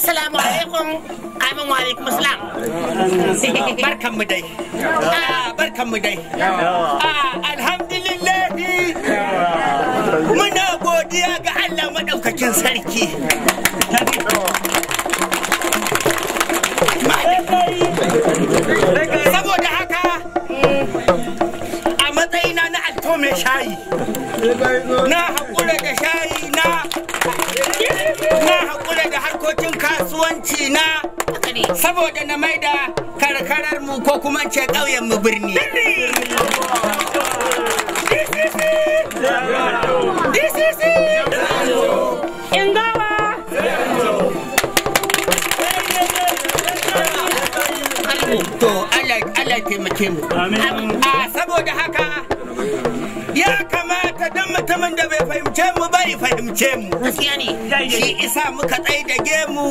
Assalamu alaikum. Amin wa alaikum salam. Barkan mu dai. Ah, Barkan mu dai. Ah, Alhamdulillah. Muna godiya ga Allah madaukakin sarki. Saboda haka a matsayina na alto mai shayi. Na haƙura da shayi harkokin kasuwanci na saboda na maida karkarar mu ko kuma ce ƙauyen mu birni To Allah taimake mu. Saboda haka ya kamata don mutumin da bai fahimce mu bai fahimce mu gaskiya ne shi isa muka tsaye da gemu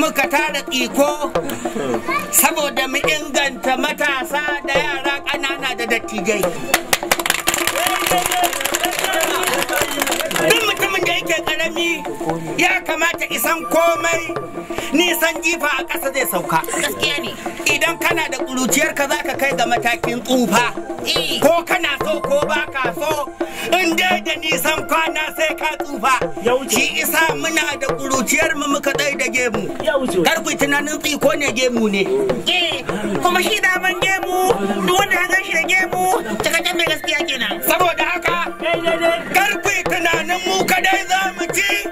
muka tara iko saboda mu inganta matasa da yara ƙanana da dattijai ni ya kamata isan komai nisan jifa a ƙasa zai sauka gaskiya ne idan kana da ƙuruciyar ka za ka kai ga matakin tsufa eh. ko kana so ko ba ka so in dai da nisan kwana sai ka tsufa shi isa muna da ƙuruciyar mu muka tsaye da gemu kar ku tunanin tsiko ne gemu ne eh, kuma shi daman gemu duk wanda ya gashi da gemu cikakken mai gaskiya kenan saboda haka karfe tunanin mu kadai za mu ci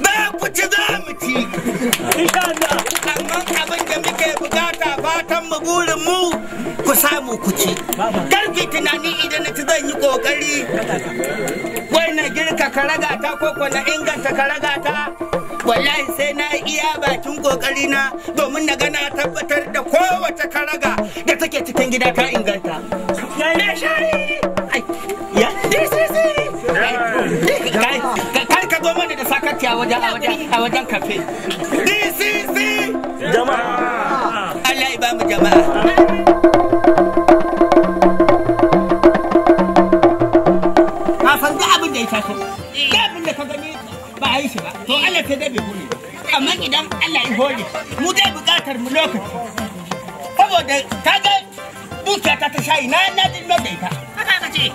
za ku ci za mu ci amma abin da muke bukata fatan mu burin mu ku samu ku ci karfe tunani idan na ci zan yi kokari wai na girka karagata ko ko na inganta karagata wallahi sai na iya bakin kokari na domin na gana tabbatar da kowace karaga da take cikin gida ta inganta ya shari ya kai ka mana da sakati a wajen a wajen kafe dcc jama'a Allah ya ba mu jama'a san abin da ya taso. Eh. shi ba to Allah sai dai bai amma idan Allah ya mu dai bukatar mu lokaci saboda kaga dukiya ta shayi na na din da ita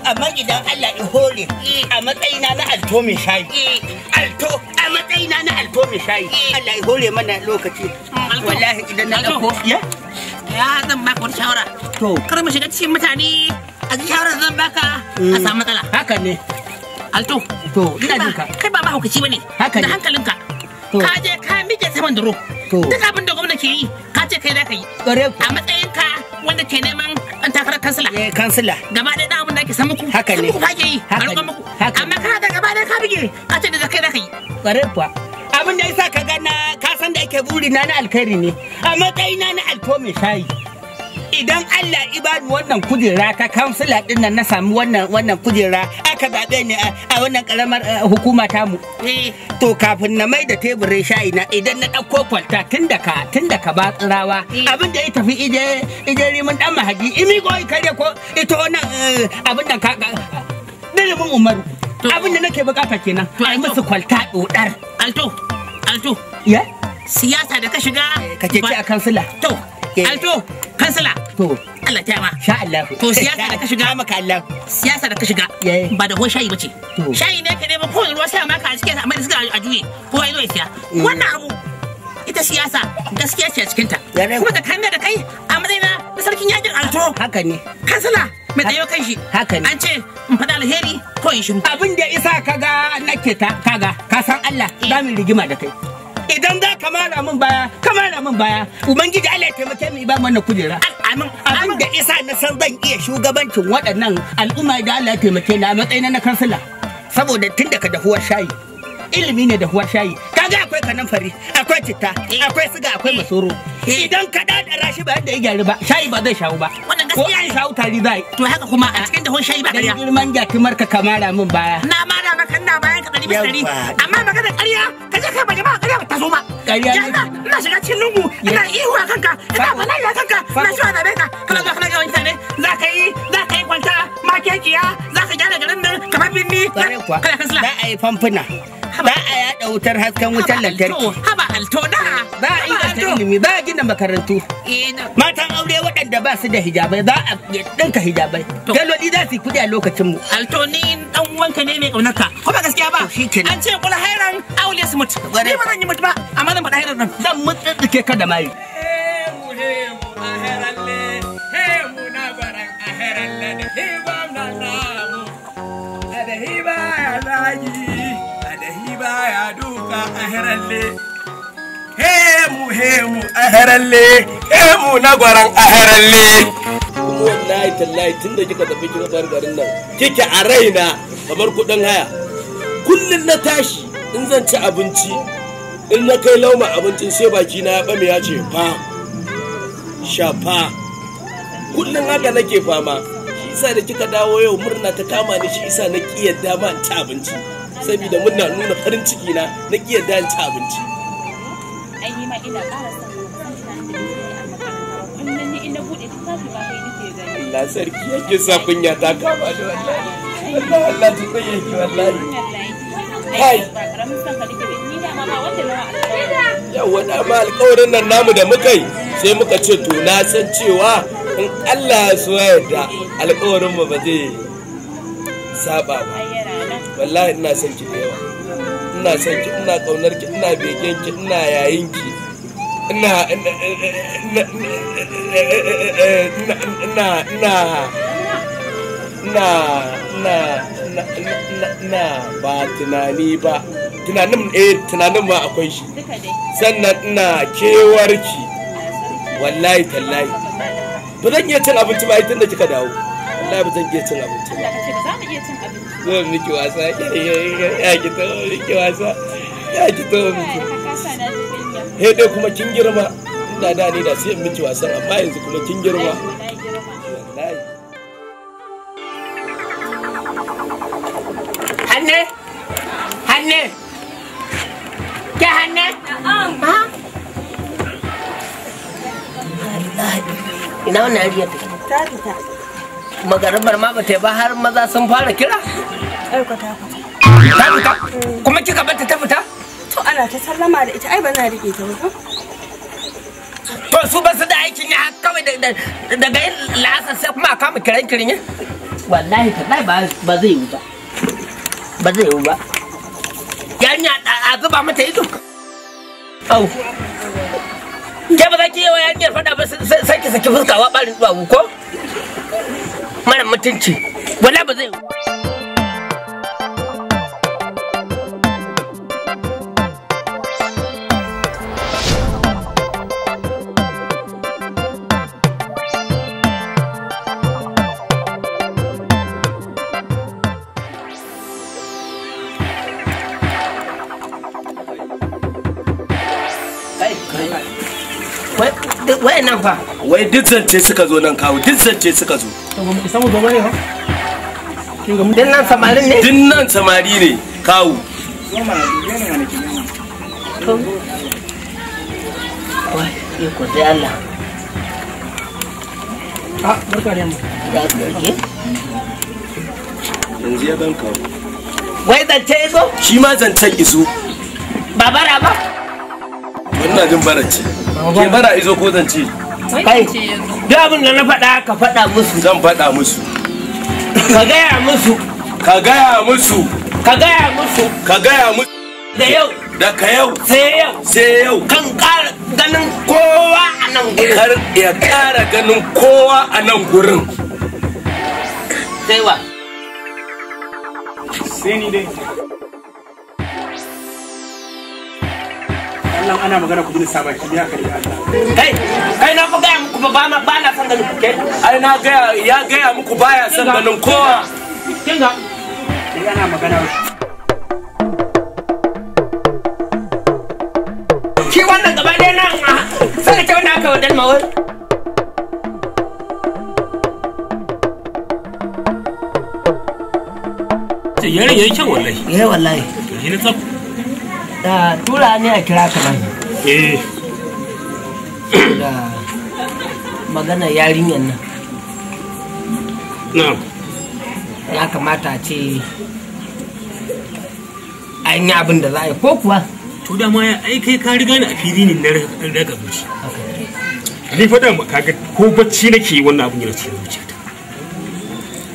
amma idan Allah ya hore eh. a matsayina na alto mai shayi eh. alto a matsayina na alto mai shayi eh. Allah ya mana lokaci wallahi idan na dauko ya ya zan baka wani shawara to kar mu shiga cikin mutane a shawara zan baka a samu matsala haka ne alto to ina jin ka kai ba mahaukaci bane da hankalinka ka je ka mike saman duro duk abin da gwamna ke yi ka ce kai za ka yi a matsayin ka wanda ke neman takarar kansila eh, kansila gaba ɗaya abin da ake san muku haka ne ka ke yi a roƙon muku amma ka da gaba ɗaya ka bige ka ce da za kai za ka yi ƙwarai kuwa abin da yasa ka gana ka san da yake buri na na alkhairi ne a matsayina na alko mai shayi idan Allah ibadu wannan kujera ta kansila din nan na sami wannan wannan kujera aka zaɓe ni a wannan karamar eh, hukuma ta mu eh, to kafin na mai da teburin shayi na idan na ɗauko kwalta tun da ka tun da ka ba tsirawa eh. abin da ya tafi ije ije rimin dan mahaji imi ko kare ko ita wannan abin da ka dalimin umaru abin da nake bukata kenan ai musu kwalta dodar alto alto ya siyasa da ka shiga kake ci a kansila to alto kansala to Allah ta ma sha Allah to siyasa da ka shiga maka Allah siyasa da ka shiga ba da shayi bace shayi ne ka nemo ko ruwa sai maka a cikin amma da suka a juye ko ai zo siya mm. wannan abu ita siyasa gaskiya ce a cikin ta kuma da kanna da kai a madaina na sarkin yakin alto haka ne kansala mai tsayo kan shi haka ne an ce in faɗa alheri ko in shiru abin da isa kaga nake ta kaga ka san Allah eh. za mu rigima da kai idan za ka mara min baya ka mara min baya ubangiji Allah ya taimake mu ba mana kujera amin abin da isa na san zan iya shugabancin waɗannan al'umma da Allah ya taimake na matsayin na kansila saboda tun daga dahuwar shayi ilimi ne da huwa shayi kaga akwai kanan fari akwai citta akwai siga akwai masoro idan ka da rashi ba yadda ya gyaru ba shayi ba zai shawo ba ko an shawo tari za yi to haka kuma a cikin dahon shayi ba ƙarya girman jaki marka kamara min baya na ma maka na bayan ka ɗari bi ɗari amma magana ƙarya ka je ka bari ba ƙarya ba ta zo ma ƙarya ne ina shiga cikin lungu ina ihu a kanka ina bala'i a kanka ina shiwa da bai ka kana zuwa kana ga wani tare za ka yi za ka yi kwanta ma kekiya za ka gyara garin nan kamar binni kana kan sila za a yi famfuna Ba a yada wutar hasken wutar lantarki haba da ba a inganta ilimi ba a gina makarantu eh, matan aure waɗanda ba su da hijabai za a ɗinka hijabai galoli za su yi kuɗi a lokacin mu altoni dan wanka ne mai ƙaunarka ko ba gaskiya ba an ce kula hairan aure su mutu ni ba zan yi mutu ba amma zan faɗa hairan nan zan mutsitsike ka da mayu aharalle hemu hemu aharalle hemu na gwaran aharalle kuma wallahi tallahi tun da kika tafi kika bar garin nan kike a raina kamar kudin haya kullun na tashi in zan ci abinci in na kai lauma abincin sai baki na ya bame ya ce fa shafa kullun haka nake fama shi isa da kika dawo yau murna ta kama ni shi isa na kiyar dama ta abinci saboda muna nuna farin ciki na na ƙiya dan ci abinci ai ma ina ƙara son ni ina ba kai nake Allah sarki yake sa kunya ta kama da wallahi ta kunya ki wallahi kai da ma alƙawarin nan namu da muka yi sai muka ce to na san cewa in Allah ya so ya ba zai saba ba wallahi ina son ki da yawa ina son ki ina kaunar ki ina begen ki ina yayin ki ina ina ina ina ina ina ba tunani ba tunanin eh tunanin ma akwai shi sannan ina ki wallahi tallahi ba zan iya cin abinci ba idan da kika dawo wallahi ba zan iya cin abinci ba cin abinci zo miki wasa ya ki taho miki wasa ya ki taho miki he dai kuma kin girma da da ni da sai miki wasan amma yanzu kuma kin girma Hanne! Hanne! Ke Hanne? Ina ta magaribar ma ba ta ba har maza sun fara kira? ta fita. Kuma kika bata ta fita? To ana ta sallama da ita ai ba na rike ta ba. To su ba su da aikin ya kawai daga yin la'asar sai kuma a kama kiran kirin ya? Wallahi ta ba zai yi ba. Ba zai yi ba. Yarinya a zuba mata ido. Au. Ke ba za ki yi wa yarinyar faɗa ba sai ki saki fuskawa ɓarin duwawu ko? mara mutunci wala ba zai fa wai duk zance suka zo nan kawo duk zance suka zo samu ne ha dinnan samari ne dinnan samari ne ya kawo wai zance iso shi ma zancen iso ba bara ba wannan jin bara ce ke bara iso ko zance kai ce yanzu da abin da na faɗa ka faɗa musu zan faɗa musu ka gaya musu ka gaya musu ka gaya musu ka gaya musu da yau daga yau sai yau sai yau kan ƙara ganin kowa a nan gurin ya ƙara ganin kowa a nan gurin sai ni dai Allah ana magana ku baki ya kai kai na gaya muku ba ba ba na san ganin ku kai ai na gaya ya gaya muku baya san ganin kowa kinga ana magana ki wannan gaba ɗaya nan ah, sai ta wanda aka wadan mawar yaran yayi kyan wallahi eh wallahi shi tsaf tura ne a kira ka nan eh. da magana yarinyar nan ya kamata ce an yi abin da za a yi ko kuwa to da ma ai kai ka riga ni a fili ne na ga bacci ni fa ma kaga ko bacci nake wannan abin yana cikin zuciyata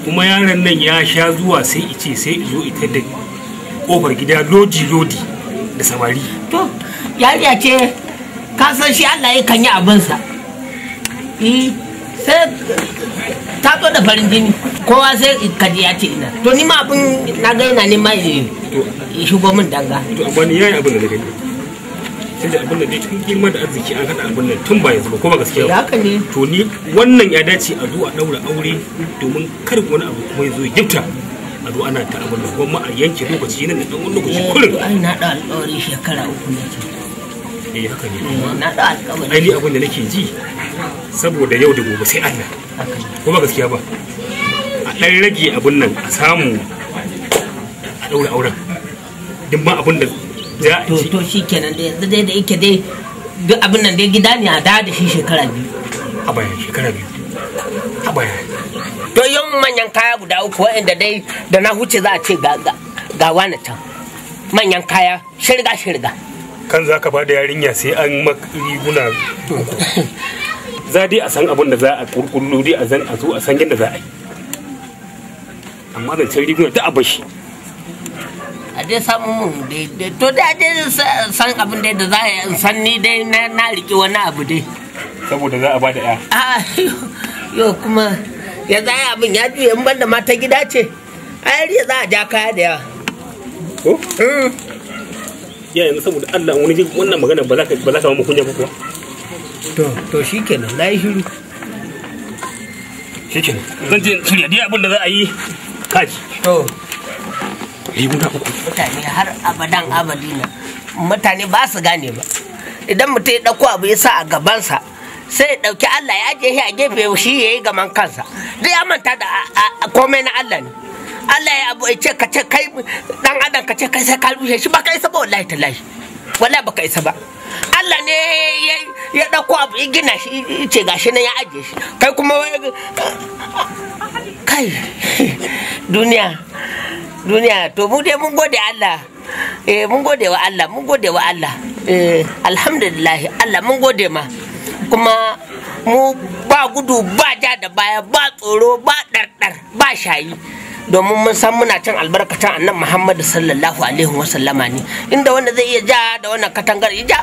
kuma yaron nan ya sha zuwa sai ice sai izo ita da kofar gida loji lodi da samari to yariya ce ka shi Allah ya kan yi abinsa e, sai ta zo da farin jini kowa sai kaji ya ce ina to nima ma abin na gani na nema ya shigo min danga to wani yayi abin da na gani sai da abin da dai tun kima da arziki an hada abin nan tun ba yanzu ba kuma gaskiya ba haka ne to ni wannan ya dace a zuwa daura aure domin kar wani abu kuma ya zo ya gifta a zo ana ta abin da kuma a yanke lokaci nan da ɗan lokaci kullum eh, ai na da alƙawari shekara uku ne eh haka ne na da alƙawari ai ni abin da nake ji saboda yau da gobe sai Allah kuma ba gaskiya ba a ɗan rage abin nan a samu a ɗaura auren duk ma abin da za a to shi kenan da yanzu dai da yake dai duk abin nan dai gida ne a da da shi shekara biyu a bayan shekara biyu a bayan don yan manyan kaya guda uku waɗanda dai da na huce za a ce ga wani can manyan kaya shirga shirga kan za ka bada yarinya sai an riguna za dai a san abin da za a kurkullu dai a zan a zo a san yadda za a yi amma zancen riguna ta abashi a dai samu mun dai to da dai san abin da za a yi san ni dai na riƙe wani abu dai saboda za a bada ya ah, yo kuma ya za a abin ya juya in banda mata gida ce a yariya za a ja kaya da yawa hmm. ya yanzu saboda Allah wani jin wannan magana ba za ka ba kunya ba kuwa to to shikenan na yi shiru shikenan zan je shirya dai abin da za a yi kaji to riguna mutane har abadan abadina mutane ba su gane ba idan mutum ya dauko abu ya sa a gabansa sai ya ɗauki Allah ya ajiye a gefe shi ya yi gaman kansa duk ya manta da komai na Allah ne Allah ya abu ce ka ce kai dan adam ka ce kai sai ka rushe shi ba ka isa ba wallahi tallahi wallahi ba ka isa ba Allah ne ya ɗauko abu ya gina shi ce gashi nan ya ajiye shi kai kuma kai duniya duniya to mu dai mun gode Allah eh mun gode wa Allah mun gode wa Allah eh alhamdulillah Allah mun gode ma kuma mu ba gudu ba ja da baya ba tsoro ba ɗarɗar ba shayi domin mun san muna cin albarkatan annan muhammadu sallallahu alaihi wasallama ne inda wanda zai iya ja da wannan katangar ija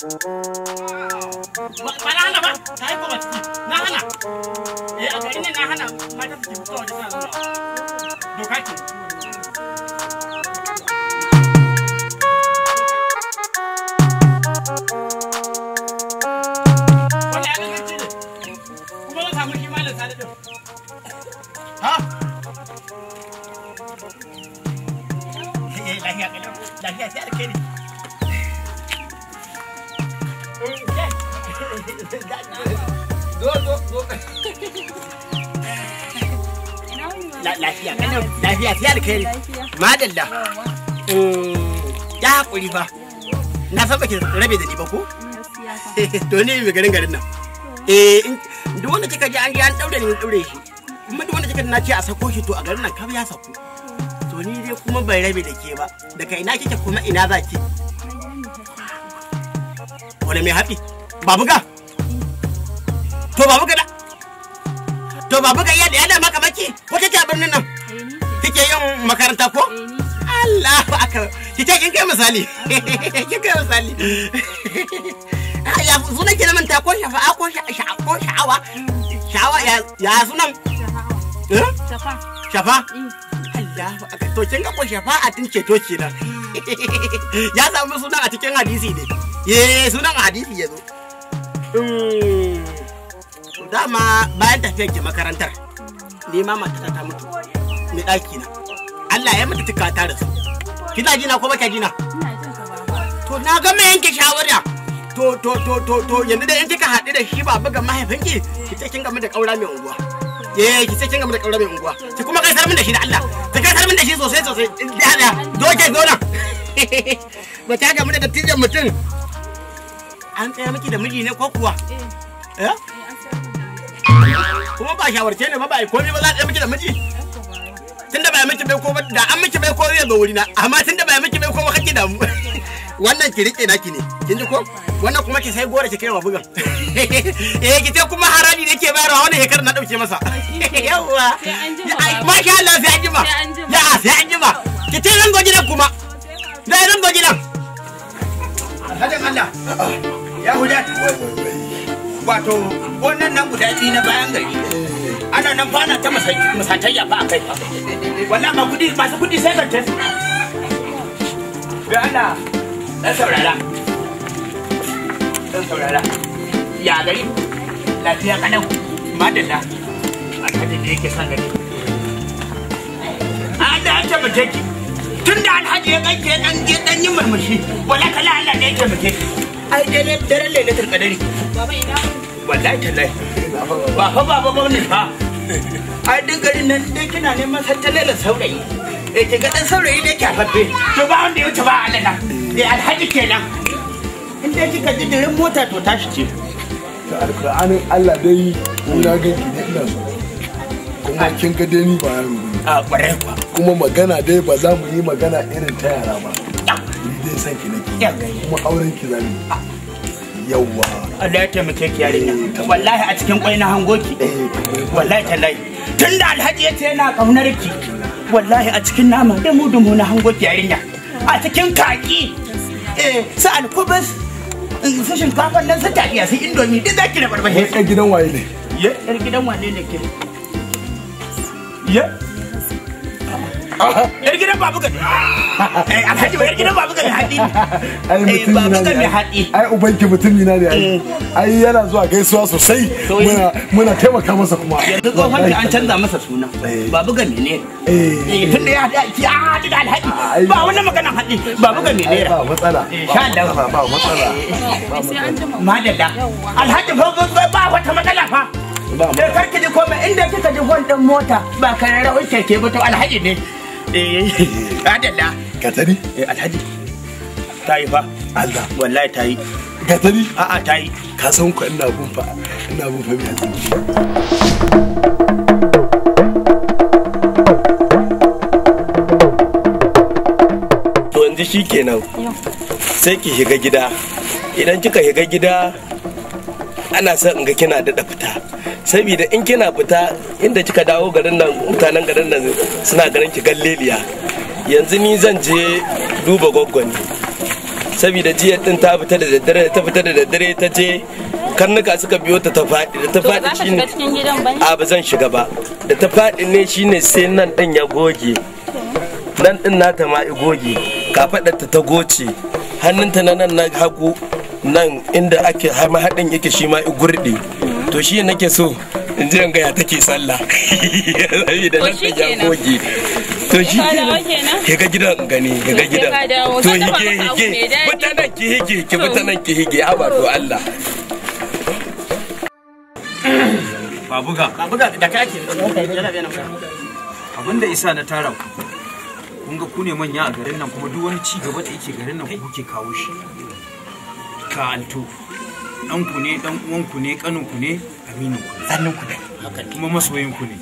Thank you. ba na hana ba ta yi kuma na hana eh a na hana mata su ke waje suna doka ke lafiya kana lafiya fiye da kai madalla mm, ya haƙuri fa na san baki rabe da ni ba ko to ne mai garin garin nan eh duk wanda kika ji an ji an daure ni daure shi kuma duk wanda kika na ce a sako shi to a garin nan kaf ya sako to ni dai kuma bai rabe da ke ba daga ina kike kuma ina za ki wani mai haɗi babu ga to babu ga to babu ga iya da yana ki ta kin kai misali kin kai misali ya zuna ki na manta ko shafa'a ko ko sha'awa sha'awa ya ya zuna eh? shafa shafa mm. Allahu akbar to kin ga ko shafa shafa'a tun ceto kenan ya samu sunan a cikin hadisi ne eh sunan hadisi yazo mm. dama bayan tafiyar ki makarantar ni ma mata ta mutu ni daki na Allah ya mutu tuka ta su kina jina ko baka jina to na ga mai yanke shawara to to to to to yanzu da in kika haɗu da shi baba ga mahaifinki ki ce kin gamu da ƙaura mai unguwa eh ki ce kin gamu da ƙaura mai unguwa ki kuma kaisar min da shi da Allah ki kaisar min da shi sosai sosai da da doke gona ba ta gamu da dattijan mutum an tsaya miki da miji ne ko kuwa eh kuma ba shawarce ne ba ba komai ba za a tsaya miki da miji tunda ba miki bai ko ba da an miki bai ko zai wuri na amma tunda ba miki bai ko ba kake damu wannan ki rike naki ne kin ji ko wannan kuma ki sai gora ki kai wa bugan eh ki ce kuma harami ne ke bayarwa wannan shekarar na dauke masa yawa ma sha Allah sai an jima ya sai an jima ki ce zan goji nan kuma da zan goji nan hajjan Allah ya huda wato wannan nan guda biyu na bayan gari ana nan fana ta musatayya ba akai kai wallahi ma kudi masu kudi sai ka tafi Allah dan saurara dan saurara ya gari lafiya kalau madalla ta da yake san gari a da ta tabbata ki tun da alhaji ya kanke dan je dan yin murmushi wala kala Allah ne yake muke ai dare dare lailatul qadari baba ina wallahi tallahi ba fa baba gwamnati fa ai duk garin nan dai kina neman sattalela saurayi eh ki ga dan to ba wanda ya wuce ba Allah na eh, alhaji kenan in dai kika ji dirin mota to tashi ce alƙur'anin Allah dai ina ganki ne ina kuma kin ga dai ni ba yaro a ƙwarai kuma magana dai ba za mu yi magana irin ta yara ba ni dai san ki nake kuma auren ki zamu yawwa Allah ya taimake ki yarinya wallahi a cikin kwai na hango ki wallahi tallahi tunda alhaji yace yana kaunar ki wallahi a cikin nama da mu dumu na hango ki yarinya a cikin kaki eh sai alkubus eh, su shinkafan nan sai tafiya sai indomi duk zaki da barbashi gidan waye ne ya gidan wane ne ke ya yar gidan babu ka eh babu ka mai haɗi ai eh, babu ka mai haɗi ai ubanki ne ai eh. ai yana zuwa gaisuwa sosai muna muna taimaka masa kuma yanzu tsohon an canza masa suna babu ga mene eh, eh. tun ya haɗi ya haɗi da alhaji ba wannan maganan haɗi babu ga mene ba matsala sha Allah ba matsala madalla alhaji ba wata matsala fa da karki ji komai inda kika ji hon din mota ba kararrawar keke ba to alhaji ne eh adalla ka tani eh alhaji ta yi fa Allah wallahi ta yi ka a'a ta yi ka san ku ina gun fa ina gun fa mai to yanzu shikenan sai ki shiga gida idan kika shiga gida ana son in ga kina daɗa fita saboda in kina fita inda kika dawo garin nan mutanen garin nan suna garin ki galleliya yanzu ni zan je duba gwaggwani saboda jiya din ta fita da daddare ta fita da daddare ta je karnuka suka biyo ta ta faɗi da ta faɗi shine a ba zan shiga ba da ta faɗi ne shine sai nan din ya goge nan din nata ma goge kafaɗarta ta goce hannunta na nan na hagu nan inda ake mahaɗin yake shi ma gurɗi to shi nake so in ji ya take sallah da nan ta ja goge to shi nan ke ga gidan gani ke ga gidan to hige hige mutanen ki hige ki mutanen ki hige haba to Allah babuga babuga da kai ake abinda isa na tara kun ga ku ne manya a garin nan kuma duk wani ci gaba da yake garin nan kuke kawo shi ka'antu ɗanku ne ɗan uwanku ne ƙaninku ne aminu ku sannin kuma masoyin ku ne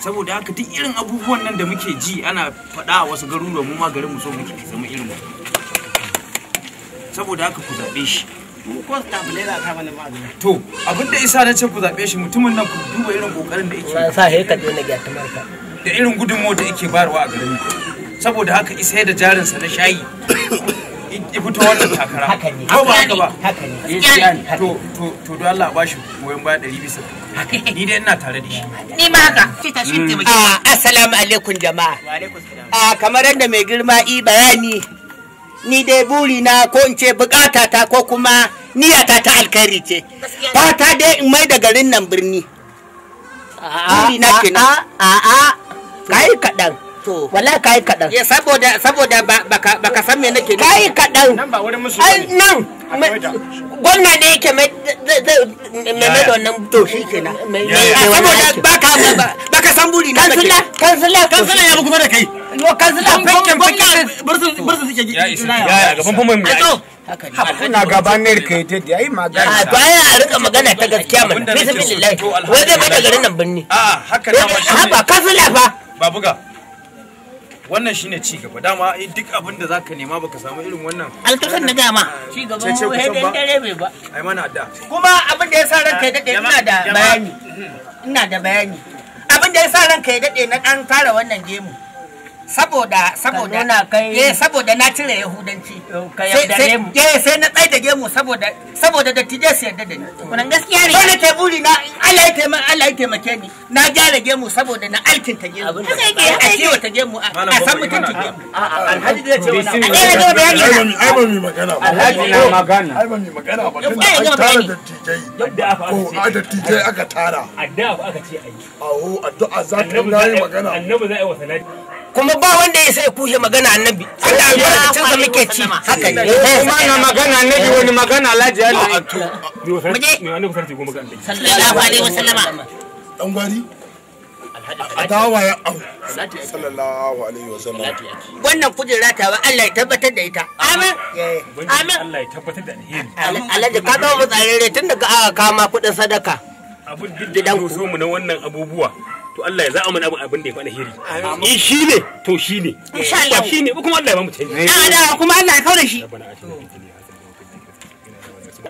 saboda haka duk irin abubuwan nan da muke ji ana faɗa a wasu garuruwa mu ma garin mu so muke zama irin mu saboda haka ku zaɓe shi to abin da isa na ce ku zaɓe shi mutumin nan ku duba irin ƙoƙarin da yake sa he ka daina gyata marka da irin gudunmawar da yake bayarwa a garin saboda haka isa da jarinsa na shayi ya fito takara ne ko ba haka ba eh, to to to don Allah ba shi goyon bisa ni dai ina tare da shi ni ma haka ta mm. ah, assalamu alaikum jama'a wa alaikum salam ah, kamar yadda mai girma i bayani ni dai buri na ko in ce bukata ta ko kuma niyata ta alkhairi ce fata dai in mai da garin nan birni ah, buri na kenan a'a kai kaɗan to wallahi kai kadan ya eh, saboda saboda baka baka san me nake kai kadan nan ba wurin musu ai nan gwamna ne yake mai mai wannan to shi kenan saboda baka baka san buri kansila kansila kansila ya bugu da kai kansila fakken fakken bursu bursu suke ya ya gaban fama mai Hakuna gabanar ka yi da yi magana. A ah, baya a rika magana ta gaskiya mana. Bisa Wai zai bada garin nan A ah, haka na Haba fa. wannan shine ci gaba dama eh, duk abin da zaka nema baka samu irin wannan alkasan na gama ci gaba mu hedin dare bai ba ai mana adda kuma abin da sa ranka ya dade ina da bayani mhm. ina da bayani abin da ya sa ranka ya dade na dan fara wannan gemu saboda saboda eh saboda na cire yahudanci sai eh, sai na tsaye da gemu saboda saboda da tije su yarda da ni wannan gaskiya ne dole ke buri na Allah ya Allah ya ke ni na gyara gemu saboda na alkin ta gemu a ta gemu a san gemu alhaji da ce wannan ai ba magana ba alhaji na magana ai ba magana ba ba da da tije yadda aka ko da tije aka tara addu'a aka ce ai awo addu'a za ta yi magana annabi za a kuma ba wanda ya sai kushe magana annabi Allah albarkacin sa muke ci haka ne eh, kuma na magana annabi wani magana alhaji Allah annabi sallallahu alaihi wasallama dan gwari a dawa ya au sallallahu alaihi wasallama wannan kujera ta ba Allah ya tabbatar da ita amin amin Allah ya tabbatar da alheri alhaji ka dawo mu tsarere tun daga aka kama kudin sadaka abun duk da so mu na wannan abubuwa to Allah ya za'a mana abin abin da ya fi hiri in eh, shi ne to shi ne ba shi ne kuma Allah ya ba mu canji kuma Allah ya kaura shi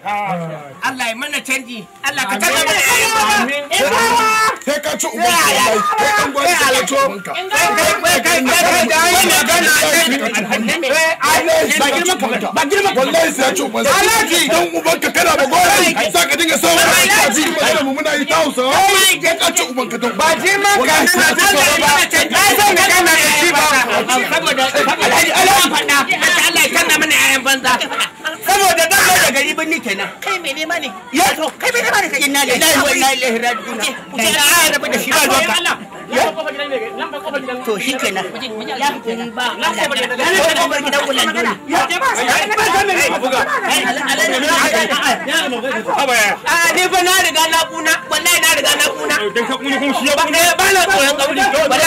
Allah ya mana canji Allah ka canza mana sai ka ci ka an gwani ka lato kai kai kai kai da ai ne ba girma ka ba girma ka sai ci uban ka ba gore sai ka dinga ka muna yi ka ci uban ka ba girma ka sai ka kenan kai mai nema ne ya to kai mai nema ne kai inna lillahi kai da a rabu da shi ba doka to shi kenan ya ba gidan dole ya ba a ne fa na riga na kuna wallahi na riga na kuna dan ka kuma shi ya kuna ba la kauli ba la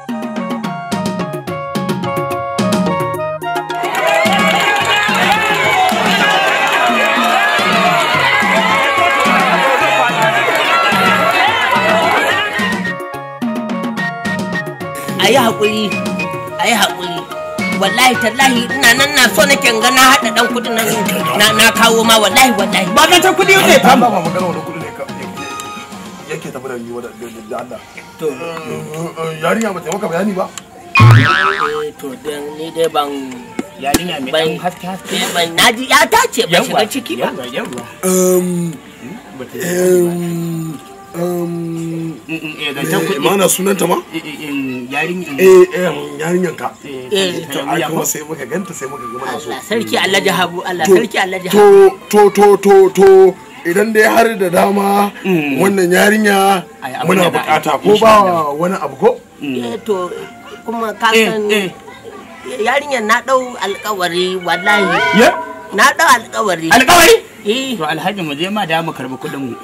a yi haƙuri a yi haƙuri wallahi tallahi ina nan na so nake ga na haɗa ɗan kudin nan na kawo ma wallahi wallahi ba ga ta kuɗi ne ta ba magana wannan kudin ne ka yake tafi da yi da Allah to yarinya ba ta maka bayani ba eh, to dan ni dai ban yarinya mai haske haske eh, ban naji ya ta ce ba shiga ciki ba yawa yawa um Um, eh, eh, eh, mana sunanta ma? yarinyan ka to ai kuma sai muka ganta sai muka gama so sarki Allah jahabu Allah sarki Allah jahabu to to to to to idan dai har da dama mm. wannan yarinya muna bukata ko ba wani abu ko? Mm. eh to kuma ka san yarinyar na dau alƙawari wallahi na dau alƙawari. Alƙawari? eh to alhaji mu je ma da mu karbi kudin mu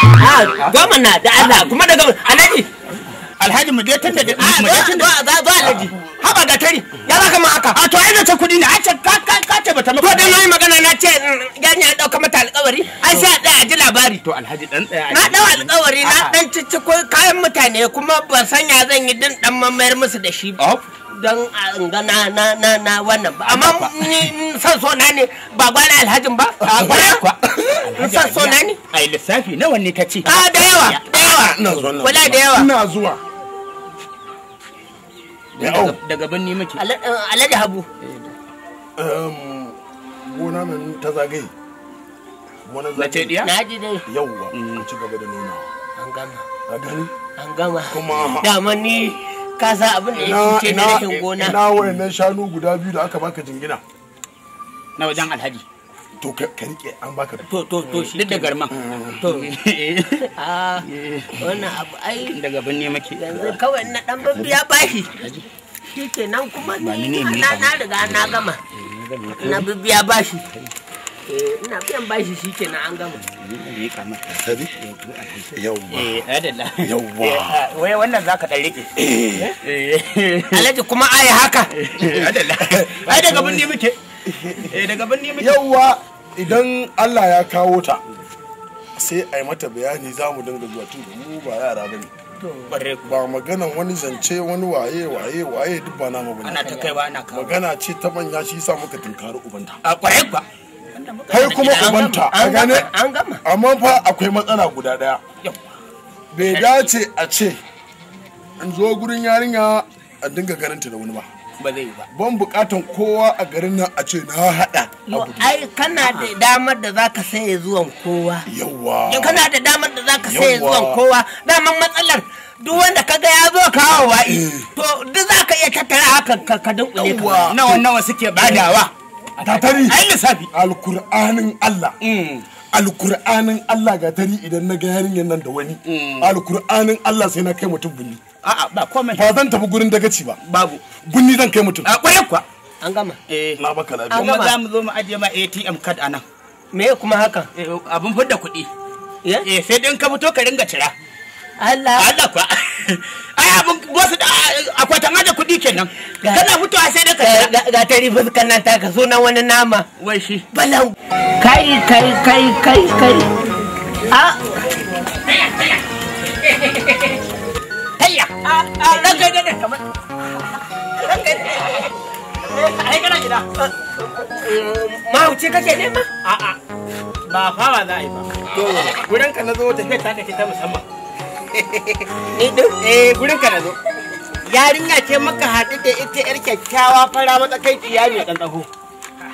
Ah, gwamna da Allah kuma da gwamna alhaji alhaji mu je tun da mu je tun da alhaji haba da tare ya baka ma aka a to ai ce kudi ne a ce ka ka ka ce bata maka to dan nayi magana na ce yan mm, ya dauka mata alƙawari ai sai a tsaya a ji labari to alhaji dan tsaya na dawo alƙawari na dan cici kayan mutane kuma ban sanya zan yi din dan mamayar musu da shi don ga na na na na wannan ba amma ni san so na ne ba gwani alhajin ba a san so na ne ai lissafi nawa ne ka ce a da yawa da yawa wala da yawa ina zuwa daga birni muke eh, habu gona min na ji dai mm. ci gaba da an ka sa abin da ya ce da gona na wayannan shanu guda biyu da aka baka jingina na wajen alhaji to ka rike an baka to to to eh, shi da garman eh. to a eh. ah, wannan abu ai daga binne make yanzu kawai na dan babbiya bashi shike nan kuma ni na riga na gama na babbiya bashi ina biyan bashi shi na an gama. Yawwa. Ah, wai wannan za ka ɗarike. Alhaji kuma ai haka. Ai daga bin muke. eh idan Allah ya kawo ta sai a yi mata bayani za mu dinga zuwa tun mu ba yara ba ne ba magana wani zance wani waye waye waye duk ba namu bane ana ta ba ana kawo magana ce ta manya shi yasa muka tunkari ubanta a kwaye ba kai kuma ubanta a gane an gama amma fa akwai matsala guda daya bai dace a ce in zo gurin yarinya a dinga ganin ta da wani ba ba zai ba ban bukatan kowa a garin nan a ce na hada ai kana da damar da zaka saye zuwan kowa yawa kana da damar da zaka saye zuwan kowa daman matsalar duk wanda ka ga ya zo kawo wa'i eh. to duk zaka iya tattara haka ka ka dunkule ka nawa nawa suke badawa tatari ai lissafi alkur'anin Allah mm. alkur'anin Allah ga tari idan na ga yarinyar nan da wani mm. alkur'anin Allah sai na kai mutum bunni a'a ba komai ba zan tafi gurin dagaci ba babu bunni zan kai mutum akwai kwa an gama eh na baka labi amma za mu zo mu ajiye ma ATM card anan me kuma haka eh, abun fudda kuɗi eh, eh sai dan ka fito ka ringa tira Allah Allah kwa ai abin wasu da akwatan aje kuɗi kenan kana mutuwa sai da ka ga tari fuskan nan taka sunan wani nama wai shi balan kai kai kai kai kai a tayya a ran kai da kamar ran kai ai kana gida ma wuce kake nema a a ba fawa za a yi ba to gurin ka na zo tafiya ta kake ta musamman Eh, ni ka yarinya ce maka haɗu da ita yar kyakkyawa fara matsakaici ya mai dan tsaho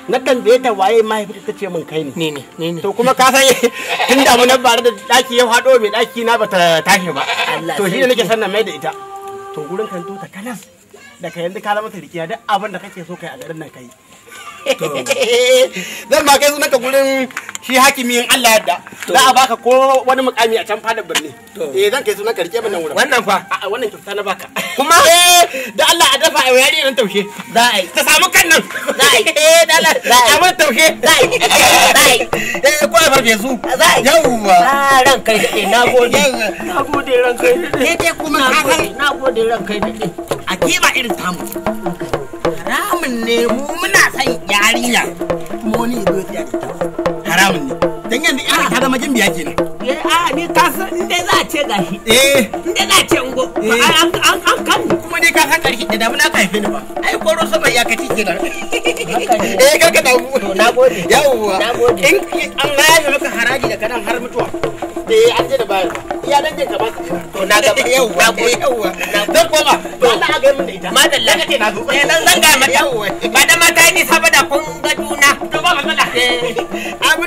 na tambaye ta waye mahaifiyar ta ce min kai ne ne ne to kuma ka san tun da mu bare da daki ya faɗo mai daki na bata tashi ba to shi ne nake sanna mai da ita to gurin kan ta kanas da ka yanzu ka zama sirikiya duk abin da kake so kai a garin nan kai zan ba kai ka gurin shi hakimin Allah yadda za a baka ko wani mukami a can fadar birni eh zan kai ka rike mana wurin wannan fa a wannan kyauta na baka kuma eh da Allah a dafa a yari nan taushe za a yi ta samu kan nan za a yi eh da Allah a mun taushe za a yi za a yi eh ko a farfe su za a yi yawwa ran kai gode na gode ran kai dade ke kuma gode ran kai dade a irin tamu haramun ne mu muna son yarinya mu wani ido ya haramun ne dan yanzu ah ta zama eh a ni ka san in dai za a ce gashi eh in dai za a ce ungo eh. an an an kan kuma dai ka san karfi da na ka haife ni ba ai koro sama ya kaci kenan eh ka ka damu to nagode yawwa nagode in an gaya maka haraji da kadan har mutuwa eh an je da bayar iya dan je ka ba to na ga yawwa eh, yawwa zan koma to Allah a ga mun da ita madalla kace na zo eh dan zan ga mata ni sabada kun ga juna to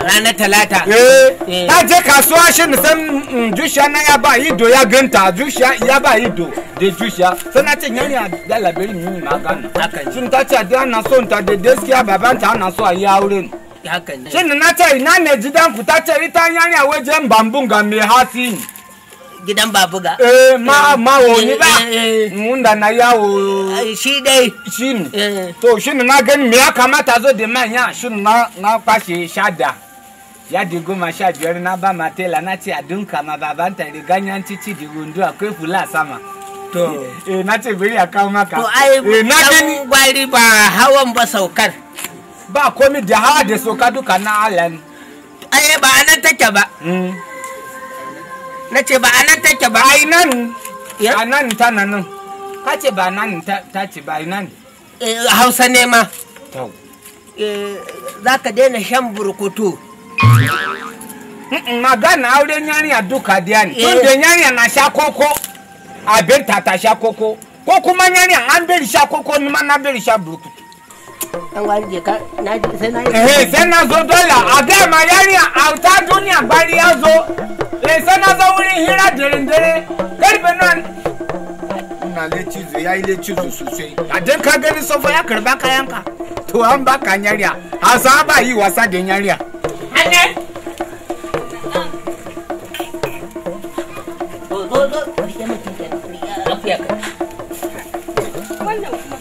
ranar talata ta eh, eh. je kasuwa shi na san mm, jusha na ya ba yi do ya ganta jusha ya ba yi do da jusha sai na ce yanni a da labirin yini ma gana shi ta ce da na so ta da deskiya babanta na so a yi aure ne shi na ce ina ne gidan ku ta ce ita yanni a wajen bambun ga mai hasi gidan babuga. Eh, ma eh. ma ni ba. Munda na yawo. Shi dai. Shi ne. To shi na gani me ya kamata zo da manya shi na na kwashe shada. yadi goma sha biyar na ba ma tela na ce a dunka ma babanta riganyen titi di gundu akwai fula sama to eh na ce bari a kawo maka to ai eh, na gani gwari ba hawan ba saukar ba komi da hawa da sauka duka na alan ne ai ba anan take ba hmm. na ce ba anan take ba ai nan anan ta nan ka ce ba nan ta ce ba nan eh, hausa ne ma eh, za ka daina shan burkutu magana auren yarinya duka diya ne eh. tunda yarinya na sha koko tata shakoko koko ko kuma yarinya an bari koko ni an warje ka a ga ma yarinya auta duniya bari ya zo eh, zo hira ya a dan sofa ya kayanka hausa ba yi wasa da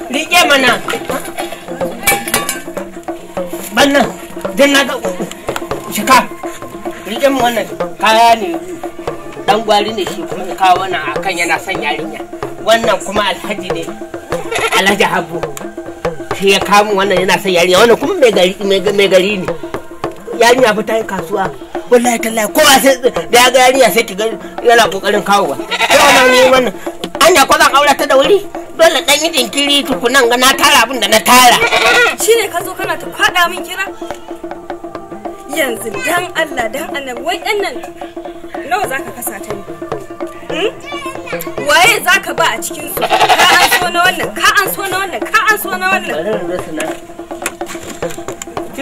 Rike mana. Bannan, don na ga shika. Rike mu wannan kaya ne dan gwari ne shi kuma kawo wannan kan yana son yarinya. Wannan kuma alhaji ne. Alhaji Habu. Shi ya kamu wannan yana son yarinya wannan kuma mai gari ne. yarinya fa ta yi kasuwa wallahi tallahi a sai da ya ga yarinya sai ki ga yana kokarin kawowa amma ni wannan an ya kwazan aure ta da wuri dole dan yi jinkiri tukunan ga na tara abin da na tara shine ka zo kana ta fada min kira yanzu dan Allah dan allah wai ɗan nan nawa zaka kasa ta ne hmm? waye zaka ba a cikin su ka an so na wannan ka an so na wannan ka an so na wannan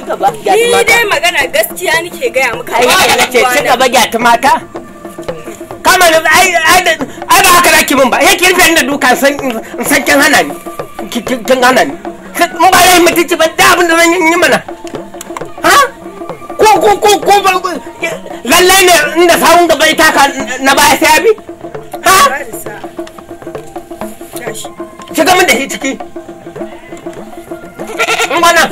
gaba ni dai magana gaskiya nake gaya maka ai ce ci gaba gyata mata kama da ai ai ba haka nake min ba yake rufe inda duka san san kin hana ni kin hana ni in ba rai mutunci ba da abin da zan yi mana ha ko ko ko ko lallai ne inda sawun gaba ita ka na baya sai abi ha shiga min da shi ciki in ba na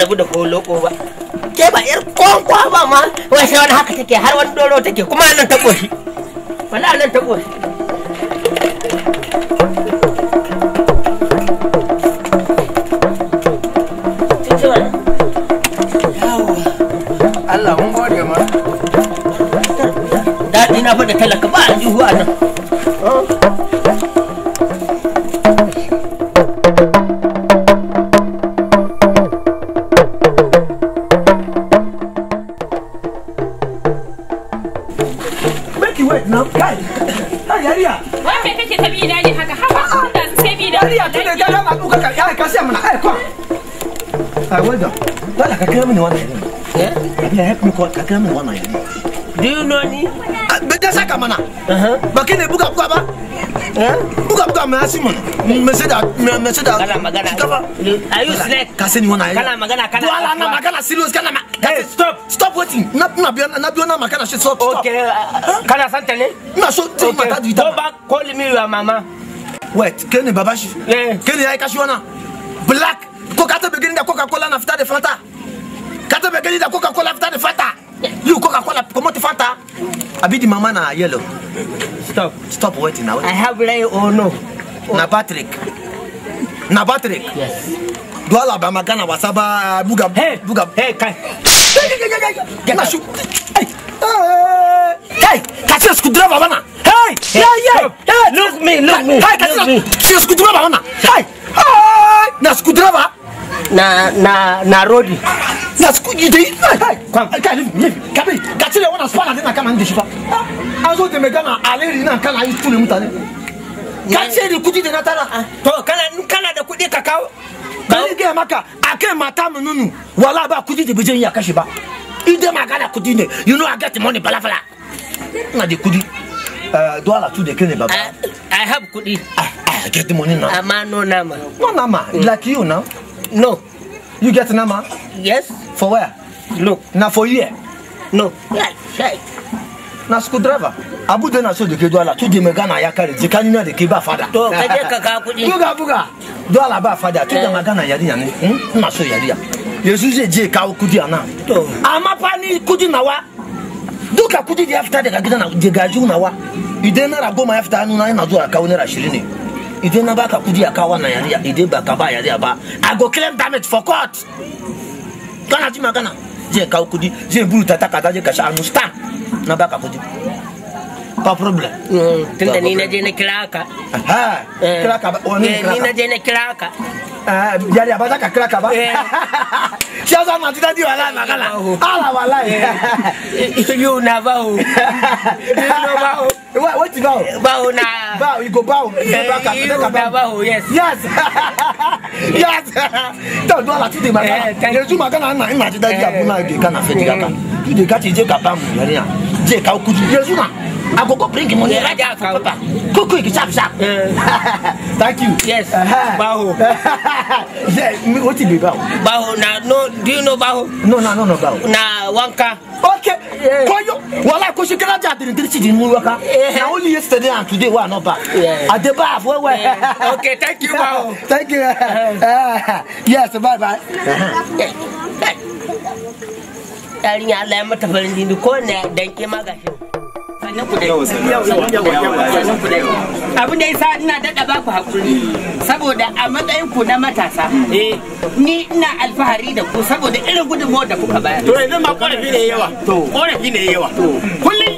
rabu da holoko ba ke ba yar kwankwa ba ma wai sai wani haka take har wani doro take kuma nan ta koshi wala nan ta koshi Allah mun gode ma. Daɗi na fa da talaka ba aljihu a nan. gaya min wannan yare do you know ah, uh-huh. ni bɛtɛ sa ka mana baki ne buga buga ba buga buga mɛ asi mɔna mɛ se da mɛ se da kala magana kaba a y'u sinɛ ka se nin kɔnɔ a ye kala magana kala wala na magana serious kala ma hey stop stop wetin na na bi na bi na magana se stop stop okay kala san tɛle na so ti ma ta di ta ma dɔba call me your mama wait kene babashi kene ayi kasi wana black ko kata begini da coca cola na fita de fanta kata begini da coca cola fita de fanta. You coca cola come promote fanta. I Abidi mama na yellow. Stop. Stop waiting now. I have lay or no. Na Patrick. Na Patrick. Yes. Do Dwala ba magana wasaba buga hey. buga hey kai. Get out. Hey. Hey, kasi skudrava bana. Hey. Hey, hey, Hey. Look me, look me. Hey, kasi skudrava bana. Hey. Hey. Na skudrava. na na na rodi na school you dey kwam ka leave leave ka be ka tell you one spana dey na kama ndi shifa azo de mega na aleri na kana yi tule mutane ka ce ni kudi de na tara ah. to kana kana da kudi ka kawo bari ga maka akai mata mu nunu wala ba kudi de bijin ya kashi ba inde magana kudi ne you know i get money balafala na de kudi Uh, eh, dola tu de kene baba. I, I have kudi. I, ah, ah, I get money now. Ama no nama. No nama. Mm. Like you now. No. You get number? Yes. For where? Look. Now for here? No. Like, like. na driver. abu da na so da ke dola tu di magana ya kare jika ni na da ke ba fada to ka je ka ka kudi buga buga dola ba fada tu da magana yari ya ne hmm? na so yari ya yesu zai je kawo kudi ana to amma fa ni kudi nawa duka kudi da ya fita daga na da gaju nawa idan na rago ma ya fita hannu na yana zuwa kawo naira ashirin ide na baka kudi aka wa na yare ya ide ba ka ba i go claim damage for court kana ti magana je ka kudi je buru tata kata je kasha anu stand na baka kudi pas problème. Mm. tunda ni na je na kira ka. kira ka wani kira ka. ni na je na kira ka. yari a ba za ka kira ka ba. Eh. shi yasa ma tita di wala magana. ala wala ye. yóò na ba o. yóò ba o. wọ́n ti bá o. bá o na. bá o igo bá o. yóò na ba o yes. yes yes. tẹ̀ dọ́ la ti di magana. Eh, yesu magana na ina tita di eh. abu na ge kana fẹ́ di ka kan. tu de ka ti je ka ba mu yẹn ni yan je ka kudu yesu na agogo bring money right out for paper quick quick sharp sharp eh, thank you yes eh, eh. baho yeah what did be baho baho na no do you know baho no no no no baho na wanka okay koyo wala ko shikala ja din din si mu waka na only yesterday and today we are not back adeba afwe we okay thank you baho thank you uh-huh. yes bye bye wata yarinya Allah ya mata farin jini ko ne dan ke ma gashi abin da yasa ina daɗa ba ku haƙuri saboda a matsayin ku na matasa eh, ni ina alfahari da ku saboda irin gudunmawar da kuka bayar to yanzu ma ƙorafi ne yawa ƙorafi ne yawa kullum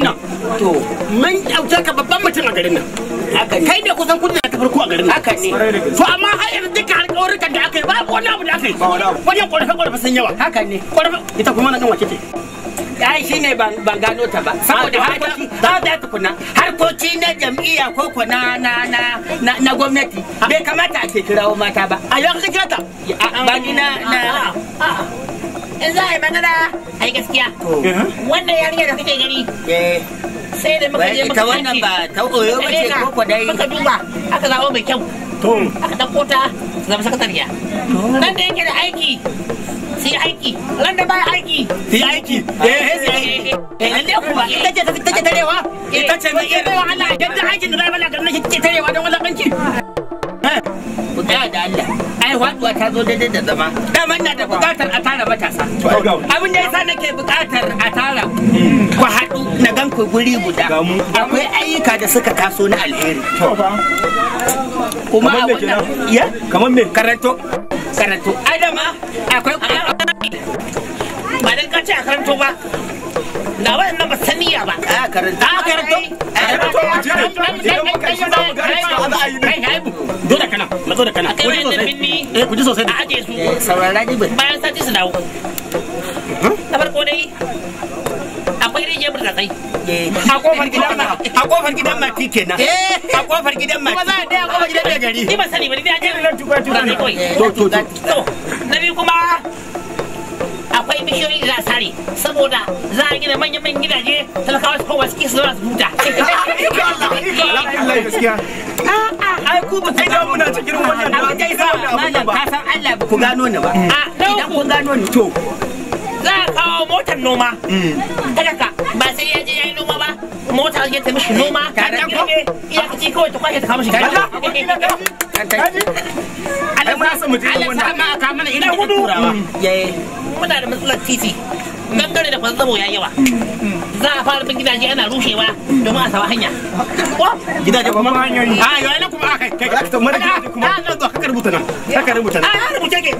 garin nan to mun ɗauke ka babban mutum a garin nan kai ne kusan kudi ta farko a garin nan haka ne to amma har yanzu duka alƙawarukan da aka yi babu wani abu da aka yi wajen ƙorafe-ƙorafe sun yawa haka ne ƙorafe ita kuma na ɗan wace ce ai shine ne ban gano ta ba saboda harkoki ba da ko harkoki na jam'iyya ko ko na na na na gwamnati bai kamata ake kirawo mata ba a yau ka kira ta ba ni na na in za a yi magana a yi gaskiya eh, wannan yarinya da kake gani eh. sai da muka je muka ta wannan ba ta koyo ba ce ko ko dai muka duba aka mai kyau ka ɗauko ta zama sakatariya nan da yake da aiki su aiki ran da ba aiki su aiki eh su yi aiki eh, eh, lalle kuma ita ce ta ce tarewa ita ce mai ita wa Allah idan da aikin da zai bala garin shi ce tarewa don wala kanki eh. ku da Allah wallahi ta zo daidai da zama daman da bukatar a tara matasa abin da yasa nake bukatar a tara ku haɗu na gan ku guri guda akwai ayyuka da suka taso na alheri kuma a wannan ya kamar me karanto karanto adama akwai ba dan kace a karanto ba na ba nan ba saniya ba a karanta a karanta a karanta a karanta idan muka shi za mu gane cewa a yi ne zo a kana mazo da kana ku ji sosai eh ku ji sosai a aje su saurara dibin bayan sati akwai rijiyar burtsatsai a kofar gidan ma a kofar gidan ma ti kenan a kofar gidan ma kuma za a daya kofar gidan da gari ni ba sani ba ni da je ran tuka to to to na biyu kuma akwai bishiyoyi da sare saboda za a gina manyan manyan gidaje talakawa su kowa suke su zauna su ai ku ba ta cikin wannan ba ta isa malam ka san Allah ku gano ni ba idan kun gano ni to za a kawo motar noma mm. talaka ba sai ya je mota je ta mishi noma ta da ko iya kace kawai ta kwashe ta kawo mishi gari Allah ma sa mutum Allah sa ma aka mana ina gudu muna da matsalar titi gangare da kwanzabo yawa za a fara bin gidaje ana rushewa domin a sawa hanya gidaje kuma hanyoyi a yau ne kuma aka kai kai ta mara gidaje kuma a nan zo ka rubuta nan ka rubuta nan a rubuta ke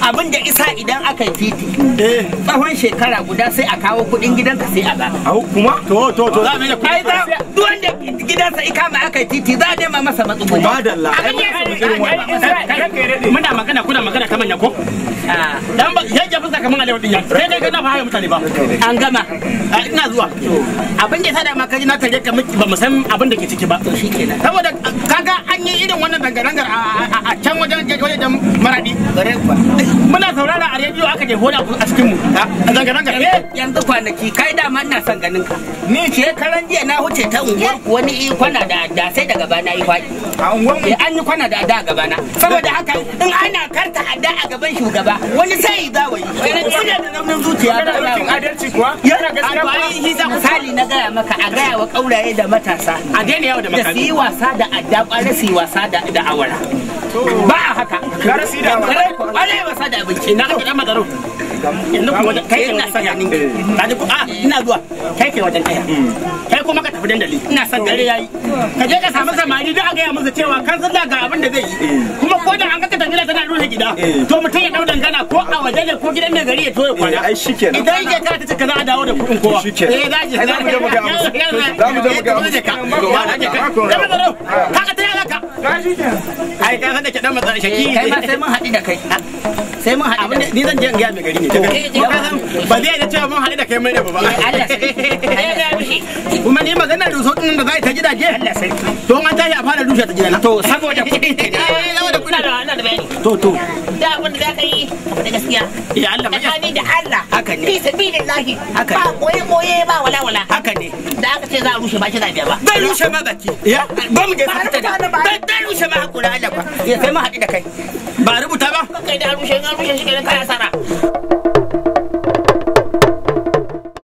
abin da isa idan aka yi titi eh. tsawon shekara guda sai a kawo kudin gidanka sai a ba kuma to to to za a yi kudi sai duk wanda gidansa ikama aka yi titi za a nema masa matsuguni ba da Allah muna magana kuna magana ta manya ko ah, dan ba yayya fuska kaman alewa din ya sai dai kana fahimta mutane ba an gama ah, ina zuwa abin da ya sada ma kaji na tare ka ba mu san abin da ke ciki ba to shikenan saboda kaga an yi irin wannan dangarangar a can wajen wajen da maradi muna saurara a rediyo aka je hoda a cikin mu a dangarangar eh yanzu kwanaki kai da ma ina san ganin ka ni ce karan jiya na huce ta unguwar wani kwana da da sai daga bana yi faɗi a unguwar mu eh, an yi kwana da da gaba na saboda haka in ana karta adda a gaban shugaba wani sai za wai ina da nan zuciya da adalci kuwa yana gaskiya ba yi za misali na gaya maka a gaya wa kauraye da matasa a daina yau da makami da su yi wasa da adda kwale su yi wasa wasa da awara ba a haka garasi da awara ana wasa da abinci na haka dan magarau kuma kai ina sanya ni eh. ka ji a ah, ina zuwa kai ke wajen taya hmm. kai kuma tafi dandali ina son dare yayi ka je ka samu samari duk a gaya masa cewa kan san ga abin da zai yi kuma ko da an ga katangila tana rusa gida to mutum ya dau dangana ko a waje ne ko gidan mai gari ya toye kwana ai shikenan idan yake ka ta cika za a dawo da kuɗin kowa eh za za mu je mu ga mu za mu je mu ga mu ka ka ta yala ka ai ka san da ke dan shaki kai ma sai mun haɗi da kai sai mun haɗu ni zan je gaya mai gari ne ba zai da cewa mun haɗu da kai mai da ba kuma ni magana da so din da za ta gidaje to an tashi a fara rushe ta gidana to saboda kuɗi eh, eh, eh saboda kuɗi na da bayani to to da abin da za ka yi da gaskiya ya Allah mai da Allah haka ne fi sabilillahi haka ba koye koye ba wala wala haka ne da aka ce za a rushe ba shi za ba zai rushe ma baki ya ba mu je fita da ba zai rushe ma hakuri Allah ba ya kai mu da kai ba rubuta ba kai da rushe ga rushe shi kenan kai asara